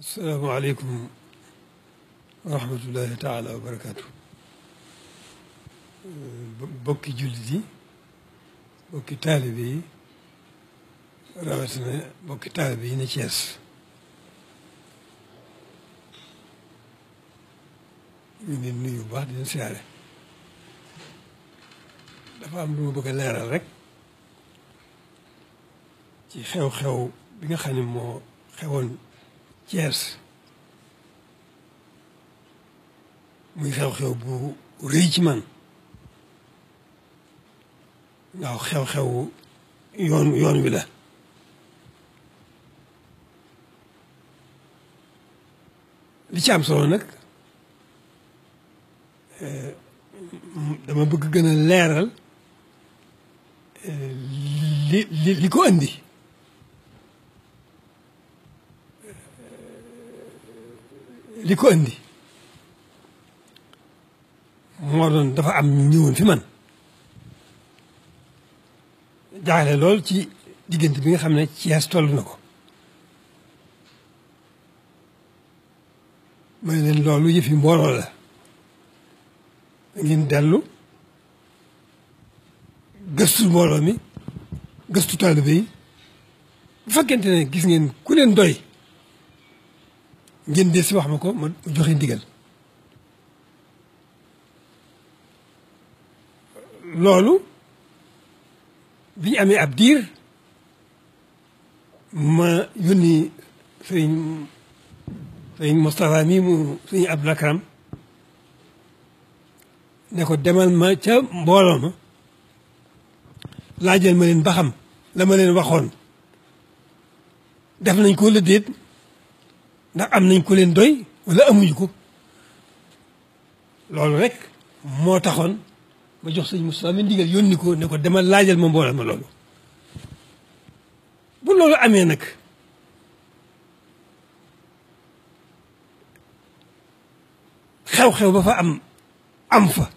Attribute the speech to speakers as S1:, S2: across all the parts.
S1: asalaamaaleykum wa rahmatullahi taala wa barakaatu bokki jullit yi bokki taalibe yi rawatina bokki taalibe yi Cees ñu ngi nuyu bu baax dina siyaare dafa am lu ma bëgg a leeral rek ci xew-xew bi nga xam ne moo xewoon Thiès muy xew-xew bu rëy ci man ndax xew-xewu yoon yoon wi la li ci am solo nag eh, dama bëgg gën a leeral eh, li li ko andi li ko indi dafa am ñu ñëwoon fi man jaaxle lool ci diggante bi nga xam ne Cees toll na ko may leen loolu yëfi mbooloo la ngeen dellu gëstu mbooloo gëstu taalibe yi bu fekkente ne gis ngeen ku leen doy ngeen dee si wax ma ko man joxe ndigal loolu biñ amee ab diir ma yónni sëriñ sëriñ Moustapha mii mu sëriñ Abdou ne ko demal ma ca mbooloo ma laajal ma leen ba la ma leen waxoon def nañ ko la ndax am nañ ko leen doy wala amuñu ko loolu rek moo taxoon ma jox sëñ Moustapha mi ndigal yónni ko ne ko demal laajal ma mbooloo ma loolu bu loolu amee nag xew-xew ba fa am am fa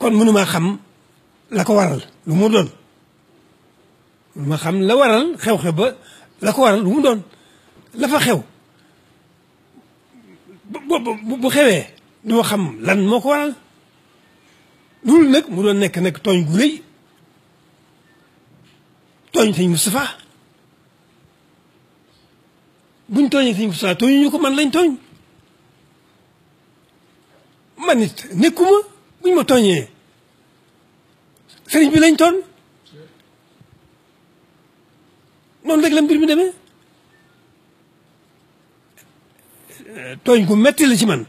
S1: kon mënumaa xam la ko waral lu mu doon ma xam la waral xew-xew ba la ko waral lu mu doon la fa xew bu bu xewee doo xam lan moo ko waral loolu nag mu doon nekk nekk tooñ gu rëy tooñ sëñ Moustapha buñ tooñee sëñ Moustapha tooñu ñu ko man lañ tooñ man it nekkuma buñ ma tooñee sëriñ bi lañ toon noonu rek la mbir mu deme tooñ ku metti la ci man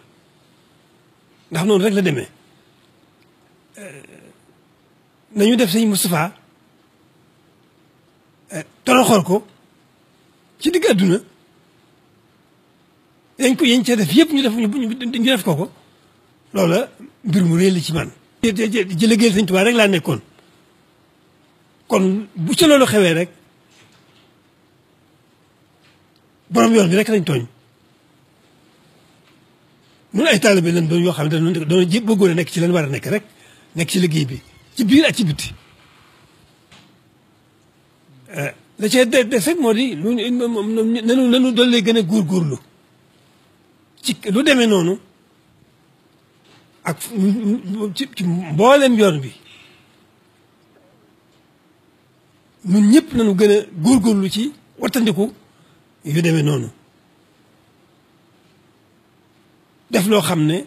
S1: ndax noonu rek la demee nañu def sëñ Moustapha toroxal ko ci digg àdduna yañ ko yañ ca def yëpp ñu def ñu def ko ko loola mbir mu réy la ci man ci liggéeyal sëñ Tuubaa rek laa nekkoon kon bu ca loolu xewee rek borom yoon bi rek nañ tooñ ñun ay taalibe lañ doon yoo xam ne dañu doon ji bëggoon a nekk ci leen war a nekk rek nekk ci liggéey bi ci biir ak ci biti de eh, des rek moo di lu nanu nanu dolli gën a góorgóorlu ci lu demee noonu ak ci mboolem yoon bi ñun ñëpp nanu gën a góorgóorlu ci wattandiku yu demee noonu def loo xam ne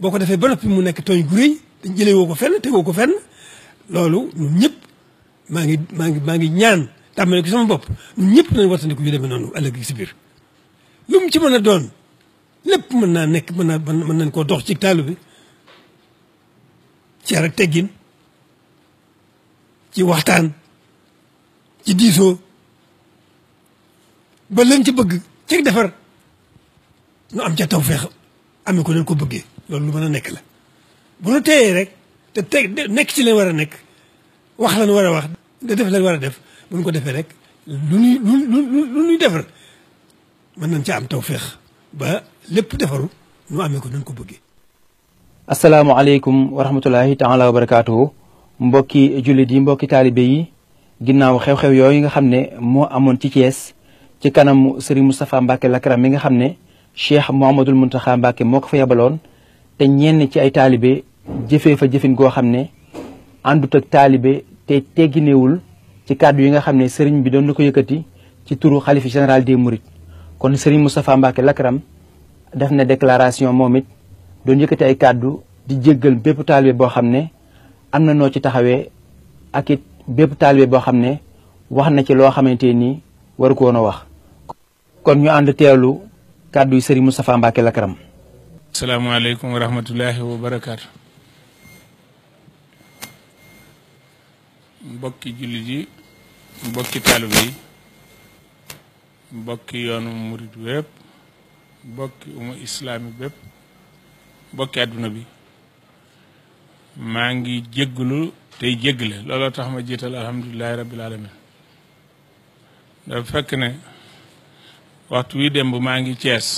S1: boo ko defee ba noppi mu nekk tooñ gu rëy te jëlee woo ko fenn ko fenn loolu ñun ñëpp maa ngi maa ngi maa ngi ñaan tàmmale ko sama bopp ñun ñëpp nañ wattandiku yu demee noonu ëllëg si biir lu mu ci mën a doon lépp mën naa nekk mën naa mën nañ koo dox ci taalu bi ci yar teggin ci waxtaan ci diisoo ba leen ci bëgg ci defar nu am ca taw feex amee ko leen ko bëggee loolu lu mën a nekk la bu nu rek te teg nekk ci leen war a nekk wax lan war a wax def leen war a def bu ko defee rek lu ñuy lu mën nañ ca am taw feex ba lépp defaru nu amee ko nañ ko bëggee
S2: asalaamaaleykum wa rahmatulahi taala wa barakaatuhu mbokki jullit yi mbokki taalibe yi ginnaaw xew-xew yooyu nga xam ne moo amoon ci Thiès ci kanamu Serigne Moustapha Mbacke Lakram mi nga xam ne Cheikh Mouhamadul Mountakha Mbacke moo ko fa yabaloon te ñenn ci ay taalibe jëfee fa jëfin goo xam ne àndu ak taalibe te tegginewul ci kàddu yi nga xam ne Serigne bi doon na ko yëkkati ci turu xalifa général des Mourides kon Serigne Moustapha Mbacke Lakram def na déclaration moom it doon yëkkati ay kàddu di jéggal bépp taalibe boo xam ne am na noo ci taxawee ak it bépp taalibe boo xam ne wax na ci loo xamante nii waru ko a wax kon ñu ànd teelu kàddu yi sëriñ Moustapha Mbacke Lakaram. salaamaaleykum wa rahmatulahi wa barakaatu. mbokki jullit yi mbokki taalib yi mbokki yoonu murit wépp mbokki uma islaami bépp mbokki àdduna bi maa ngi jégglu tey jéggale looloo tax ma jiital alhamdulilahi rabbil alamin dafa fekk ne waxtu wi démb maa ngi Cees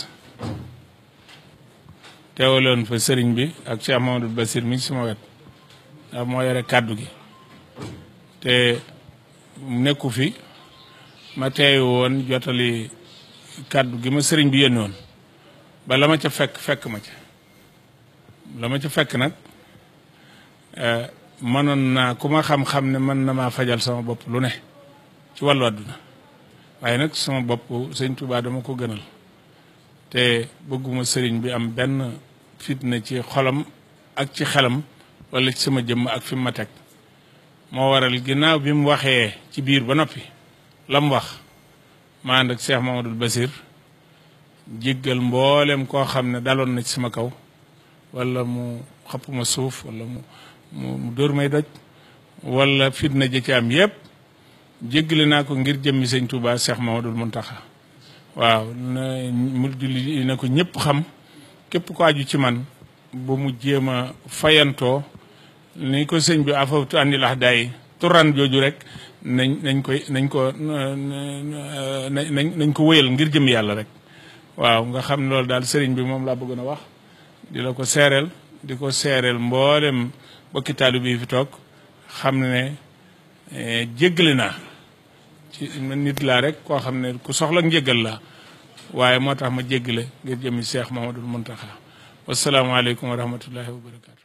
S2: teewaloon fa sëriñ bi ak Cheikh Mamadou Basir mi ngi sama wet ndax moo yore kàddu gi te nekku fi ma teeyu woon jotali kàddu gi ma sëriñ bi yónni woon ba la ma ca fekk fekk ma ca la ma ca fekk nag eh, mënoon naa ku ma xam-xam ne mën na maa fajal sama bopp lu ne ci wàllu àdduna waaye nag sama bopp sëñ Touba dama ko gënal te bëgguma sëriñ bi am benn fitna ci xolam ak ci xelam wala sama jëmm ak fi ma teg moo waral ginnaaw bi mu waxee ci biir ba noppi la mu wax ma ànd ak Cheikh Mamadou Basir jéggal mboolem koo xam ne daloon na ci sama kaw walla mu xapp suuf wala mu mu dóor may doj wala fitna ji am yépp jéggale naa ko ngir jëmmi sëñ Touba Cheikh Mamadou Mountakha waaw na mu na ko ñépp xam képp ko aju ci man ba mu jéem a fayantoo ni ko sëñ bi afawtu andi lax daay turan jooju rek nañ nañ koy nañ ko nañ nañ ko wëyal ngir jëm yàlla rek waaw nga xam loolu daal sëriñ bi moom laa bëggoon a wax di la ko seereel di ko seereel mboolem bokki taalibe bi fi toog xam ne eh, jéggale naa ci nit laa rek koo xam ne ku soxla njëggal laa waaye moo tax ma jéggale ngir jëmi Cheikh Mahamadul Muntaxa wasalaamaaleykum wa rahmatullahi wa barakaatu